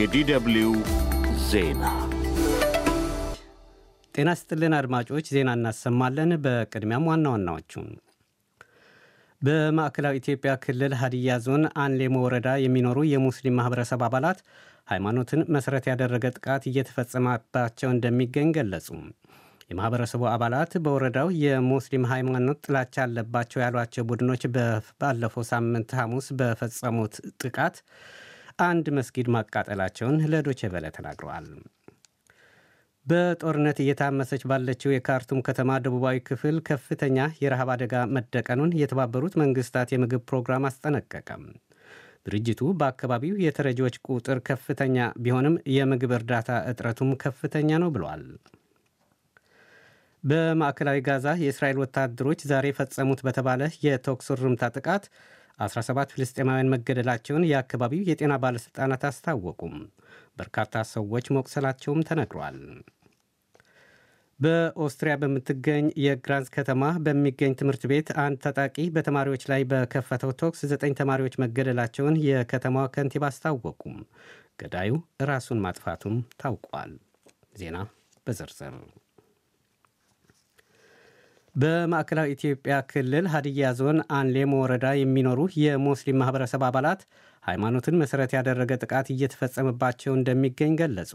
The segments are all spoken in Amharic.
የዲደብሊው ዜና ጤና ስጥልን አድማጮች፣ ዜና እናሰማለን። በቅድሚያም ዋና ዋናዎቹን በማዕከላዊ ኢትዮጵያ ክልል ሀዲያ ዞን አንሌሞ ወረዳ የሚኖሩ የሙስሊም ማህበረሰብ አባላት ሃይማኖትን መሠረት ያደረገ ጥቃት እየተፈጸመባቸው እንደሚገኝ ገለጹ። የማህበረሰቡ አባላት በወረዳው የሙስሊም ሃይማኖት ጥላቻ አለባቸው ያሏቸው ቡድኖች ባለፈው ሳምንት ሐሙስ በፈጸሙት ጥቃት አንድ መስጊድ ማቃጠላቸውን ለዶቼ ቬለ ተናግረዋል። በጦርነት እየታመሰች ባለችው የካርቱም ከተማ ደቡባዊ ክፍል ከፍተኛ የረሃብ አደጋ መደቀኑን የተባበሩት መንግስታት የምግብ ፕሮግራም አስጠነቀቀም። ድርጅቱ በአካባቢው የተረጂዎች ቁጥር ከፍተኛ ቢሆንም የምግብ እርዳታ እጥረቱም ከፍተኛ ነው ብሏል። በማዕከላዊ ጋዛ የእስራኤል ወታደሮች ዛሬ ፈጸሙት በተባለ የተኩስ ርምታ ጥቃት 17 ፍልስጤማውያን መገደላቸውን የአካባቢው የጤና ባለሥልጣናት አስታወቁም። በርካታ ሰዎች መቁሰላቸውም ተነግሯል። በኦስትሪያ በምትገኝ የግራንዝ ከተማ በሚገኝ ትምህርት ቤት አንድ ታጣቂ በተማሪዎች ላይ በከፈተው ተኩስ ዘጠኝ ተማሪዎች መገደላቸውን የከተማዋ ከንቲባ አስታወቁም። ገዳዩ ራሱን ማጥፋቱም ታውቋል። ዜና በዝርዝር በማዕከላዊ ኢትዮጵያ ክልል ሀዲያ ዞን አንሌሞ ወረዳ የሚኖሩ የሙስሊም ማህበረሰብ አባላት ሃይማኖትን መሠረት ያደረገ ጥቃት እየተፈጸመባቸው እንደሚገኝ ገለጹ።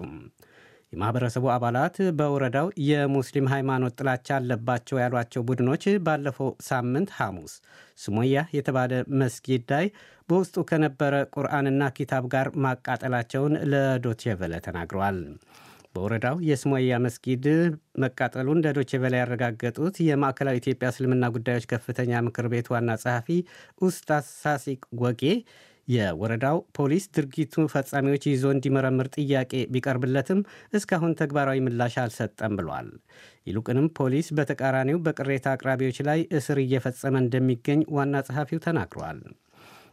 የማህበረሰቡ አባላት በወረዳው የሙስሊም ሃይማኖት ጥላቻ አለባቸው ያሏቸው ቡድኖች ባለፈው ሳምንት ሐሙስ ስሞያ የተባለ መስጊድ ላይ በውስጡ ከነበረ ቁርአንና ኪታብ ጋር ማቃጠላቸውን ለዶቼ ተናግረዋል። በወረዳው የስሙያ መስጊድ መቃጠሉን ለዶቼ በላይ ያረጋገጡት የማዕከላዊ ኢትዮጵያ እስልምና ጉዳዮች ከፍተኛ ምክር ቤት ዋና ጸሐፊ ኡስታዝ ሳሲቅ ወጌ የወረዳው ፖሊስ ድርጊቱ ፈጻሚዎች ይዞ እንዲመረምር ጥያቄ ቢቀርብለትም እስካሁን ተግባራዊ ምላሽ አልሰጠም ብሏል። ይልቁንም ፖሊስ በተቃራኒው በቅሬታ አቅራቢዎች ላይ እስር እየፈጸመ እንደሚገኝ ዋና ጸሐፊው ተናግሯል።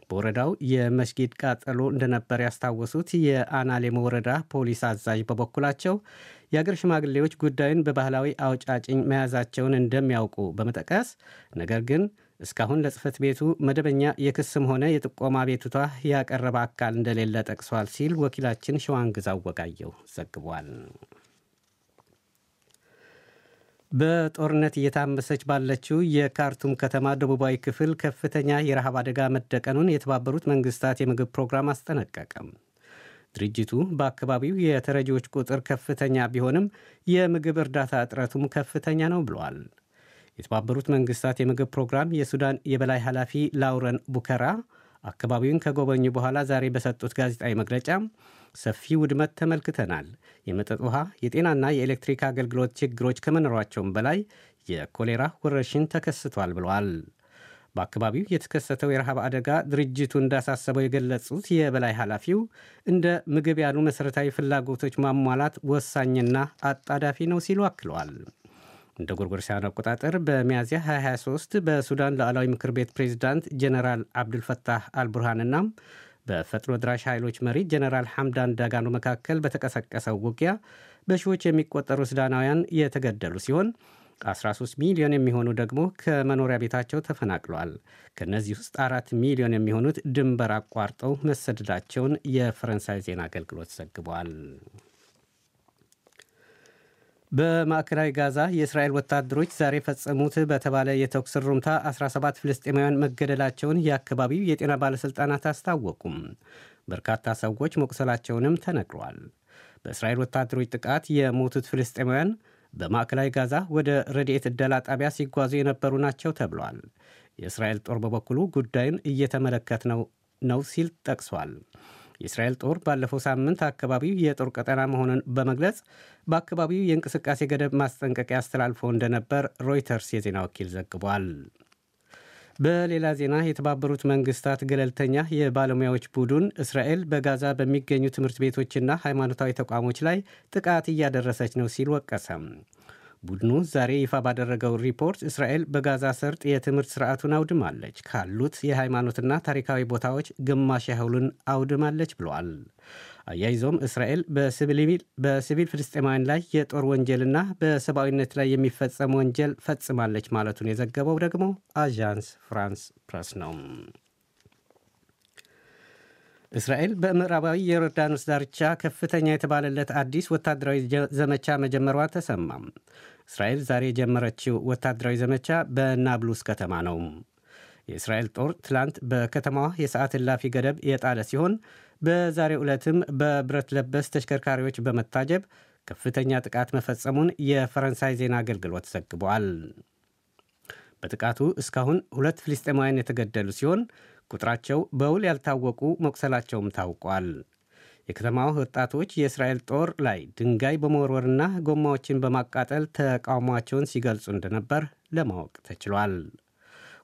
በወረዳው የመስጊድ ቃጠሎ እንደነበር ያስታወሱት የአናሌሞ ወረዳ ፖሊስ አዛዥ በበኩላቸው የአገር ሽማግሌዎች ጉዳዩን በባህላዊ አውጫጭኝ መያዛቸውን እንደሚያውቁ በመጠቀስ ነገር ግን እስካሁን ለጽፈት ቤቱ መደበኛ የክስም ሆነ የጥቆማ ቤቱታ ያቀረበ አካል እንደሌለ ጠቅሷል ሲል ወኪላችን ሸዋንግዛ ወጋየው ዘግቧል። በጦርነት እየታመሰች ባለችው የካርቱም ከተማ ደቡባዊ ክፍል ከፍተኛ የረሃብ አደጋ መደቀኑን የተባበሩት መንግስታት የምግብ ፕሮግራም አስጠነቀቀም። ድርጅቱ በአካባቢው የተረጂዎች ቁጥር ከፍተኛ ቢሆንም የምግብ እርዳታ እጥረቱም ከፍተኛ ነው ብሏል። የተባበሩት መንግስታት የምግብ ፕሮግራም የሱዳን የበላይ ኃላፊ ላውረን ቡከራ አካባቢውን ከጎበኙ በኋላ ዛሬ በሰጡት ጋዜጣዊ መግለጫ ሰፊ ውድመት ተመልክተናል፣ የመጠጥ ውሃ፣ የጤናና የኤሌክትሪክ አገልግሎት ችግሮች ከመኖሯቸውም በላይ የኮሌራ ወረርሽኝ ተከስቷል ብለዋል። በአካባቢው የተከሰተው የረሃብ አደጋ ድርጅቱ እንዳሳሰበው የገለጹት የበላይ ኃላፊው እንደ ምግብ ያሉ መሠረታዊ ፍላጎቶች ማሟላት ወሳኝና አጣዳፊ ነው ሲሉ አክለዋል። እንደ ጎርጎሮሳውያን አቆጣጠር በሚያዝያ 2023 በሱዳን ሉዓላዊ ምክር ቤት ፕሬዚዳንት ጀነራል አብዱልፈታህ አልቡርሃንና በፈጥኖ ድራሽ ኃይሎች መሪ ጀነራል ሐምዳን ዳጋሎ መካከል በተቀሰቀሰው ውጊያ በሺዎች የሚቆጠሩ ሱዳናውያን የተገደሉ ሲሆን 13 ሚሊዮን የሚሆኑ ደግሞ ከመኖሪያ ቤታቸው ተፈናቅለዋል። ከእነዚህ ውስጥ አራት ሚሊዮን የሚሆኑት ድንበር አቋርጠው መሰደዳቸውን የፈረንሳይ ዜና አገልግሎት ዘግቧል። በማዕከላዊ ጋዛ የእስራኤል ወታደሮች ዛሬ ፈጸሙት በተባለ የተኩስ ሩምታ 17 ፍልስጤማውያን መገደላቸውን የአካባቢው የጤና ባለሥልጣናት አስታወቁም። በርካታ ሰዎች መቁሰላቸውንም ተነግሯል። በእስራኤል ወታደሮች ጥቃት የሞቱት ፍልስጤማውያን በማዕከላዊ ጋዛ ወደ ረድኤት እደላ ጣቢያ ሲጓዙ የነበሩ ናቸው ተብሏል። የእስራኤል ጦር በበኩሉ ጉዳዩን እየተመለከት ነው ነው ሲል ጠቅሷል። የእስራኤል ጦር ባለፈው ሳምንት አካባቢው የጦር ቀጠና መሆኑን በመግለጽ በአካባቢው የእንቅስቃሴ ገደብ ማስጠንቀቂያ አስተላልፎ እንደነበር ሮይተርስ የዜና ወኪል ዘግቧል። በሌላ ዜና የተባበሩት መንግስታት ገለልተኛ የባለሙያዎች ቡድን እስራኤል በጋዛ በሚገኙ ትምህርት ቤቶችና ሃይማኖታዊ ተቋሞች ላይ ጥቃት እያደረሰች ነው ሲል ወቀሰም። ቡድኑ ዛሬ ይፋ ባደረገው ሪፖርት እስራኤል በጋዛ ሰርጥ የትምህርት ስርዓቱን አውድማለች፣ ካሉት የሃይማኖትና ታሪካዊ ቦታዎች ግማሽ ያህሉን አውድማለች ብሏል። አያይዞም እስራኤል በሲቪል ፍልስጤማውያን ላይ የጦር ወንጀልና በሰብአዊነት ላይ የሚፈጸም ወንጀል ፈጽማለች ማለቱን የዘገበው ደግሞ አዣንስ ፍራንስ ፕረስ ነው። እስራኤል በምዕራባዊ የዮርዳኖስ ዳርቻ ከፍተኛ የተባለለት አዲስ ወታደራዊ ዘመቻ መጀመሯ ተሰማም። እስራኤል ዛሬ የጀመረችው ወታደራዊ ዘመቻ በናብሉስ ከተማ ነው። የእስራኤል ጦር ትላንት በከተማዋ የሰዓት እላፊ ገደብ የጣለ ሲሆን በዛሬ ዕለትም በብረት ለበስ ተሽከርካሪዎች በመታጀብ ከፍተኛ ጥቃት መፈጸሙን የፈረንሳይ ዜና አገልግሎት ዘግቧል። በጥቃቱ እስካሁን ሁለት ፍልስጤማውያን የተገደሉ ሲሆን ቁጥራቸው በውል ያልታወቁ መቁሰላቸውም ታውቋል። የከተማው ወጣቶች የእስራኤል ጦር ላይ ድንጋይ በመወርወርና ጎማዎችን በማቃጠል ተቃውሟቸውን ሲገልጹ እንደነበር ለማወቅ ተችሏል።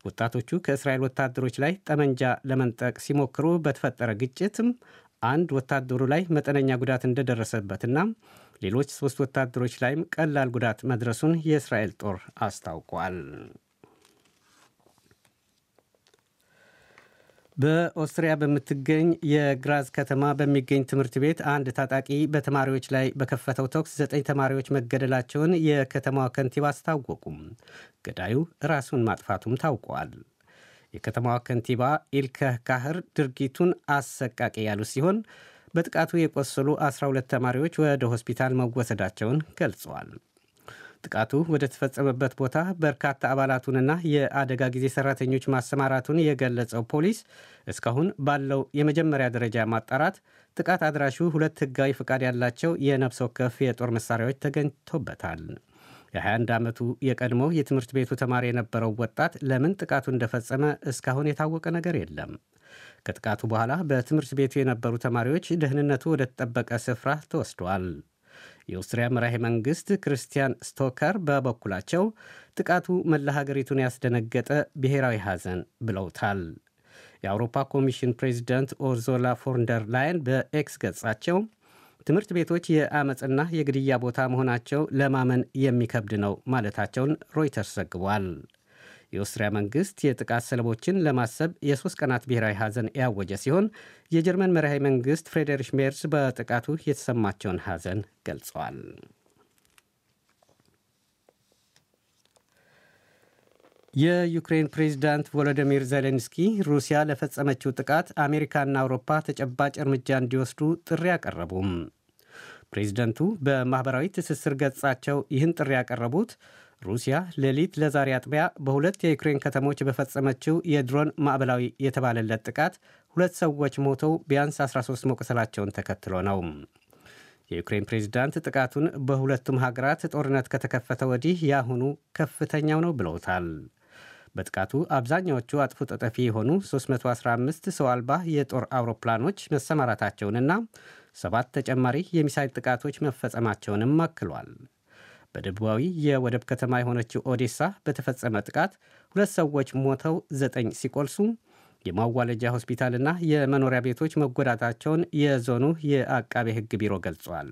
ወጣቶቹ ከእስራኤል ወታደሮች ላይ ጠመንጃ ለመንጠቅ ሲሞክሩ በተፈጠረ ግጭትም አንድ ወታደሩ ላይ መጠነኛ ጉዳት እንደደረሰበትና ሌሎች ሦስት ወታደሮች ላይም ቀላል ጉዳት መድረሱን የእስራኤል ጦር አስታውቋል። በኦስትሪያ በምትገኝ የግራዝ ከተማ በሚገኝ ትምህርት ቤት አንድ ታጣቂ በተማሪዎች ላይ በከፈተው ተኩስ ዘጠኝ ተማሪዎች መገደላቸውን የከተማዋ ከንቲባ አስታወቁም። ገዳዩ ራሱን ማጥፋቱም ታውቋል። የከተማዋ ከንቲባ ኢልከ ካህር ድርጊቱን አሰቃቂ ያሉ ሲሆን በጥቃቱ የቆሰሉ 12 ተማሪዎች ወደ ሆስፒታል መወሰዳቸውን ገልጸዋል። ጥቃቱ ወደ ተፈጸመበት ቦታ በርካታ አባላቱንና የአደጋ ጊዜ ሰራተኞች ማሰማራቱን የገለጸው ፖሊስ እስካሁን ባለው የመጀመሪያ ደረጃ ማጣራት ጥቃት አድራሹ ሁለት ህጋዊ ፈቃድ ያላቸው የነፍስ ወከፍ የጦር መሳሪያዎች ተገኝቶበታል። የ21 ዓመቱ የቀድሞ የትምህርት ቤቱ ተማሪ የነበረው ወጣት ለምን ጥቃቱ እንደፈጸመ እስካሁን የታወቀ ነገር የለም። ከጥቃቱ በኋላ በትምህርት ቤቱ የነበሩ ተማሪዎች ደህንነቱ ወደ ተጠበቀ ስፍራ ተወስደዋል። የኦስትሪያ መራሄ መንግስት ክርስቲያን ስቶከር በበኩላቸው ጥቃቱ መላ ሀገሪቱን ያስደነገጠ ብሔራዊ ሐዘን ብለውታል። የአውሮፓ ኮሚሽን ፕሬዚደንት ኦርዞላ ፎንደር ላይን በኤክስ ገጻቸው ትምህርት ቤቶች የአመፅና የግድያ ቦታ መሆናቸው ለማመን የሚከብድ ነው ማለታቸውን ሮይተርስ ዘግቧል። የኦስትሪያ መንግስት የጥቃት ሰለቦችን ለማሰብ የሶስት ቀናት ብሔራዊ ሐዘን ያወጀ ሲሆን የጀርመን መራሄ መንግስት ፍሬደሪሽ ሜርስ በጥቃቱ የተሰማቸውን ሐዘን ገልጸዋል። የዩክሬን ፕሬዝዳንት ቮሎዲሚር ዜሌንስኪ ሩሲያ ለፈጸመችው ጥቃት አሜሪካና አውሮፓ ተጨባጭ እርምጃ እንዲወስዱ ጥሪ አቀረቡም። ፕሬዝደንቱ በማኅበራዊ ትስስር ገጻቸው ይህን ጥሪ ያቀረቡት ሩሲያ ሌሊት ለዛሬ አጥቢያ በሁለት የዩክሬን ከተሞች በፈጸመችው የድሮን ማዕበላዊ የተባለለት ጥቃት ሁለት ሰዎች ሞተው ቢያንስ 13 መቁሰላቸውን ተከትሎ ነው። የዩክሬን ፕሬዝዳንት ጥቃቱን በሁለቱም ሀገራት ጦርነት ከተከፈተ ወዲህ የአሁኑ ከፍተኛው ነው ብለውታል። በጥቃቱ አብዛኛዎቹ አጥፎ ጠፊ የሆኑ 315 ሰው አልባ የጦር አውሮፕላኖች መሰማራታቸውንና ሰባት ተጨማሪ የሚሳይል ጥቃቶች መፈጸማቸውንም አክሏል። በደቡባዊ የወደብ ከተማ የሆነችው ኦዴሳ በተፈጸመ ጥቃት ሁለት ሰዎች ሞተው ዘጠኝ ሲቆልሱ የማዋለጃ ሆስፒታልና የመኖሪያ ቤቶች መጎዳታቸውን የዞኑ የአቃቤ ሕግ ቢሮ ገልጿል።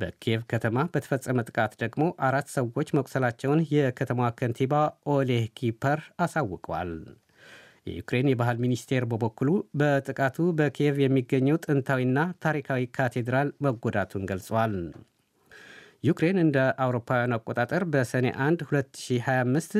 በኪየቭ ከተማ በተፈጸመ ጥቃት ደግሞ አራት ሰዎች መቁሰላቸውን የከተማዋ ከንቲባ ኦሌህ ኪፐር አሳውቀዋል። የዩክሬን የባህል ሚኒስቴር በበኩሉ በጥቃቱ በኪየቭ የሚገኘው ጥንታዊና ታሪካዊ ካቴድራል መጎዳቱን ገልጿል። ዩክሬን እንደ አውሮፓውያን አቆጣጠር በሰኔ 1 2025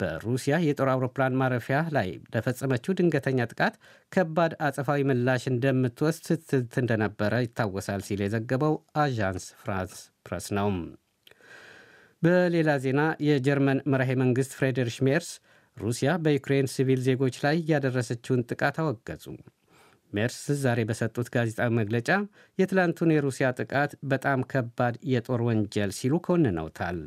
በሩሲያ የጦር አውሮፕላን ማረፊያ ላይ ለፈጸመችው ድንገተኛ ጥቃት ከባድ አጸፋዊ ምላሽ እንደምትወስድ ስትዝት እንደነበረ ይታወሳል ሲል የዘገበው አዣንስ ፍራንስ ፕረስ ነው። በሌላ ዜና የጀርመን መራሄ መንግሥት ፍሬድሪሽ ሜርስ ሩሲያ በዩክሬን ሲቪል ዜጎች ላይ ያደረሰችውን ጥቃት አወገጹ። ሜርስ ዛሬ በሰጡት ጋዜጣዊ መግለጫ የትላንቱን የሩሲያ ጥቃት በጣም ከባድ የጦር ወንጀል ሲሉ ኮንነውታል።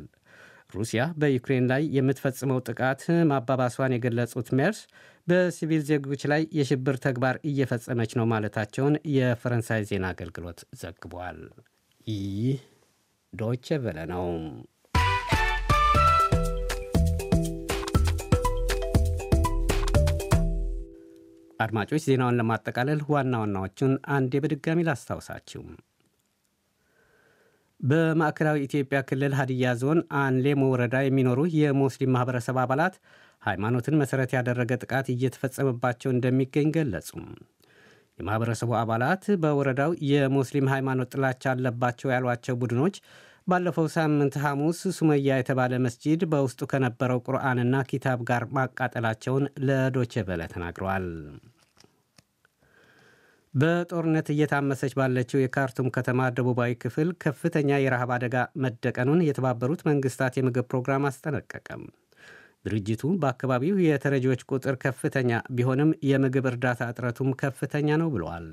ሩሲያ በዩክሬን ላይ የምትፈጽመው ጥቃት ማባባሷን የገለጹት ሜርስ በሲቪል ዜጎች ላይ የሽብር ተግባር እየፈጸመች ነው ማለታቸውን የፈረንሳይ ዜና አገልግሎት ዘግቧል። ይህ ዶይቼ ቬለ ነው። አድማጮች ዜናውን ለማጠቃለል ዋና ዋናዎቹን አንዴ በድጋሚ ላስታውሳችሁ። በማዕከላዊ ኢትዮጵያ ክልል ሀዲያ ዞን አንሌሞ ወረዳ የሚኖሩ የሙስሊም ማህበረሰብ አባላት ሃይማኖትን መሠረት ያደረገ ጥቃት እየተፈጸመባቸው እንደሚገኝ ገለጹ። የማህበረሰቡ አባላት በወረዳው የሙስሊም ሃይማኖት ጥላቻ አለባቸው ያሏቸው ቡድኖች ባለፈው ሳምንት ሐሙስ ሱመያ የተባለ መስጂድ በውስጡ ከነበረው ቁርአንና ኪታብ ጋር ማቃጠላቸውን ለዶቼ በለ ተናግረዋል። በጦርነት እየታመሰች ባለችው የካርቱም ከተማ ደቡባዊ ክፍል ከፍተኛ የረሃብ አደጋ መደቀኑን የተባበሩት መንግስታት የምግብ ፕሮግራም አስጠነቀቀም። ድርጅቱ በአካባቢው የተረጂዎች ቁጥር ከፍተኛ ቢሆንም የምግብ እርዳታ እጥረቱም ከፍተኛ ነው ብለዋል።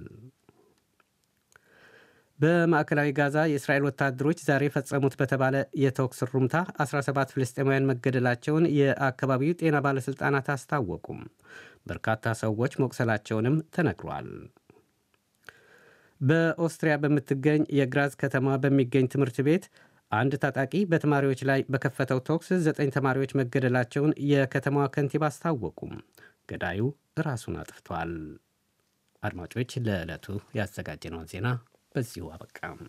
በማዕከላዊ ጋዛ የእስራኤል ወታደሮች ዛሬ ፈጸሙት በተባለ የተኩስ ሩምታ 17 ፍልስጤማውያን መገደላቸውን የአካባቢው ጤና ባለሥልጣናት አስታወቁም። በርካታ ሰዎች መቁሰላቸውንም ተነግሯል። በኦስትሪያ በምትገኝ የግራዝ ከተማ በሚገኝ ትምህርት ቤት አንድ ታጣቂ በተማሪዎች ላይ በከፈተው ተኩስ ዘጠኝ ተማሪዎች መገደላቸውን የከተማዋ ከንቲባ አስታወቁም። ገዳዩ ራሱን አጥፍቷል። አድማጮች፣ ለዕለቱ ያዘጋጀነውን ዜና በዚሁ አበቃም።